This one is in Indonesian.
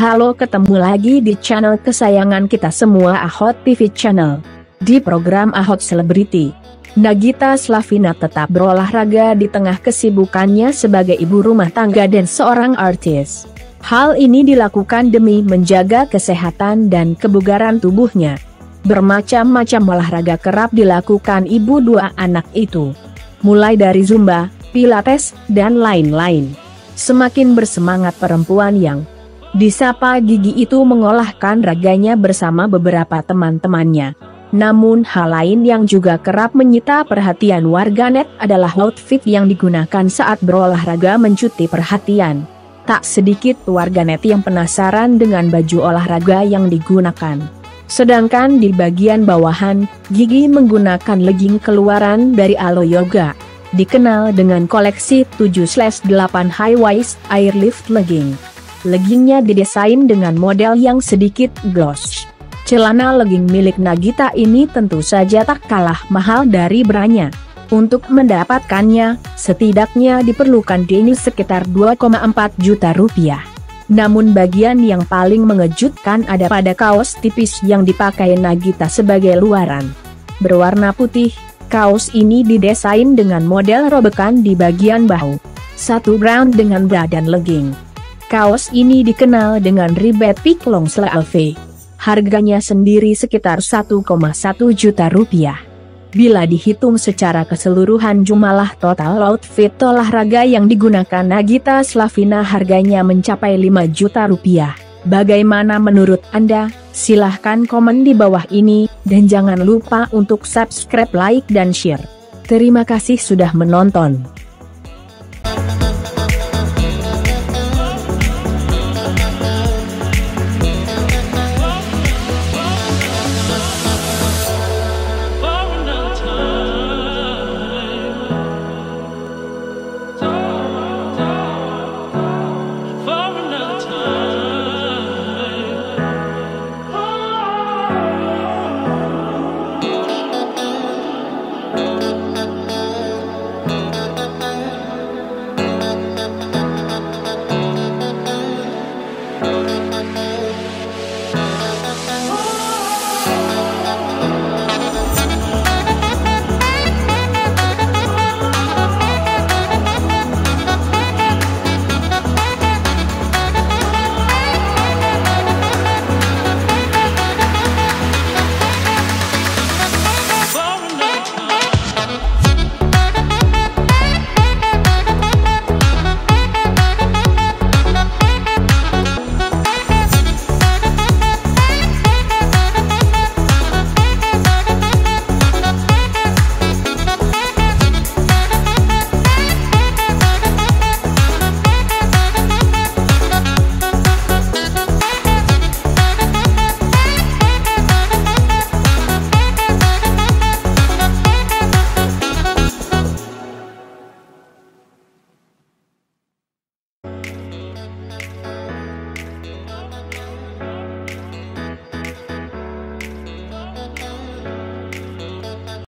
Halo ketemu lagi di channel kesayangan kita semua Ahot TV Channel. Di program Ahot Celebrity, Nagita Slavina tetap berolahraga di tengah kesibukannya sebagai ibu rumah tangga dan seorang artis. Hal ini dilakukan demi menjaga kesehatan dan kebugaran tubuhnya. Bermacam-macam olahraga kerap dilakukan ibu dua anak itu. Mulai dari Zumba, Pilates, dan lain-lain. Semakin bersemangat perempuan yang Disapa gigi itu mengolahkan raganya bersama beberapa teman-temannya. Namun hal lain yang juga kerap menyita perhatian warganet adalah outfit yang digunakan saat berolahraga mencuti perhatian. Tak sedikit warganet yang penasaran dengan baju olahraga yang digunakan. Sedangkan di bagian bawahan, Gigi menggunakan legging keluaran dari Alo Yoga. Dikenal dengan koleksi 7-8 high waist airlift legging. Leggingnya didesain dengan model yang sedikit gloss. Celana legging milik Nagita ini tentu saja tak kalah mahal dari brandnya. Untuk mendapatkannya, setidaknya diperlukan denis sekitar 2,4 juta rupiah. Namun bagian yang paling mengejutkan ada pada kaos tipis yang dipakai Nagita sebagai luaran. Berwarna putih, kaos ini didesain dengan model robekan di bagian bahu. Satu brown dengan bra dan legging. Kaos ini dikenal dengan ribet Piklong Sleeve. Harganya sendiri sekitar 1,1 juta rupiah. Bila dihitung secara keseluruhan jumlah total outfit olahraga yang digunakan Nagita Slavina harganya mencapai 5 juta rupiah. Bagaimana menurut Anda? Silahkan komen di bawah ini, dan jangan lupa untuk subscribe, like, dan share. Terima kasih sudah menonton.